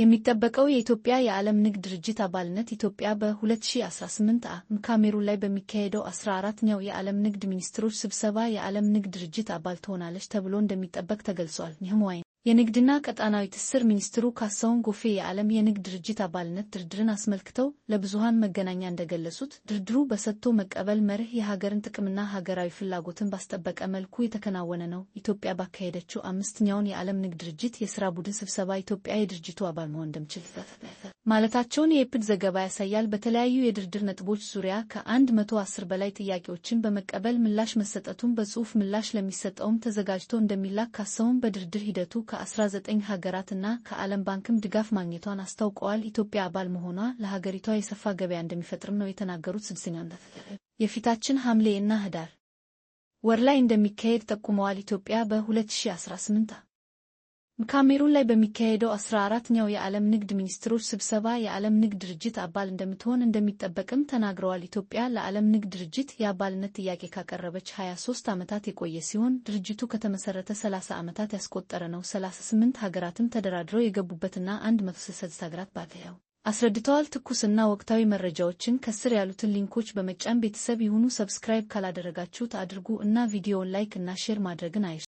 የሚጠበቀው የኢትዮጵያ የዓለም ንግድ ድርጅት አባልነት ኢትዮጵያ በ2018 ዓ.ም ካሜሩን ላይ በሚካሄደው 14ኛው የዓለም ንግድ ሚኒስትሮች ስብሰባ የዓለም ንግድ ድርጅት አባል ትሆናለች ተብሎ እንደሚጠበቅ ተገልጿል። የንግድና ቀጣናዊ ትስስር ሚኒስትሩ ካሳሁን ጎፌ የዓለም የንግድ ድርጅት አባልነት ድርድርን አስመልክተው ለብዙሃን መገናኛ እንደገለጹት ድርድሩ በሰጥቶ መቀበል መርህ የሀገርን ጥቅምና ሀገራዊ ፍላጎትን ባስጠበቀ መልኩ የተከናወነ ነው። ኢትዮጵያ ባካሄደችው አምስተኛውን የዓለም ንግድ ድርጅት የስራ ቡድን ስብሰባ ኢትዮጵያ የድርጅቱ አባል መሆን እንደምችል ማለታቸውን የኤፕድ ዘገባ ያሳያል። በተለያዩ የድርድር ነጥቦች ዙሪያ ከ110 በላይ ጥያቄዎችን በመቀበል ምላሽ መሰጠቱን፣ በጽሑፍ ምላሽ ለሚሰጠውም ተዘጋጅቶ እንደሚላክ በድርድር ሂደቱ ከ19 ሀገራት እና ከዓለም ባንክም ድጋፍ ማግኘቷን አስታውቀዋል። ኢትዮጵያ አባል መሆኗ ለሀገሪቷ የሰፋ ገበያ እንደሚፈጥርም ነው የተናገሩት። ስድስተኛ የፊታችን ሐምሌ እና ህዳር ወር ላይ እንደሚካሄድ ጠቁመዋል። ኢትዮጵያ በ2018 ካሜሩን ላይ በሚካሄደው አስራ አራተኛው የዓለም ንግድ ሚኒስትሮች ስብሰባ የዓለም ንግድ ድርጅት አባል እንደምትሆን እንደሚጠበቅም ተናግረዋል። ኢትዮጵያ ለዓለም ንግድ ድርጅት የአባልነት ጥያቄ ካቀረበች 23 ዓመታት የቆየ ሲሆን ድርጅቱ ከተመሰረተ 30 ዓመታት ያስቆጠረ ነው። 38 ሀገራትም ተደራድረው የገቡበትና 166 ሀገራት ባለያው። አስረድተዋል። ትኩስና ወቅታዊ መረጃዎችን ከስር ያሉትን ሊንኮች በመጫን ቤተሰብ ይሁኑ። ሰብስክራይብ ካላደረጋችሁት አድርጉ እና ቪዲዮውን ላይክ እና ሼር ማድረግን አይሽ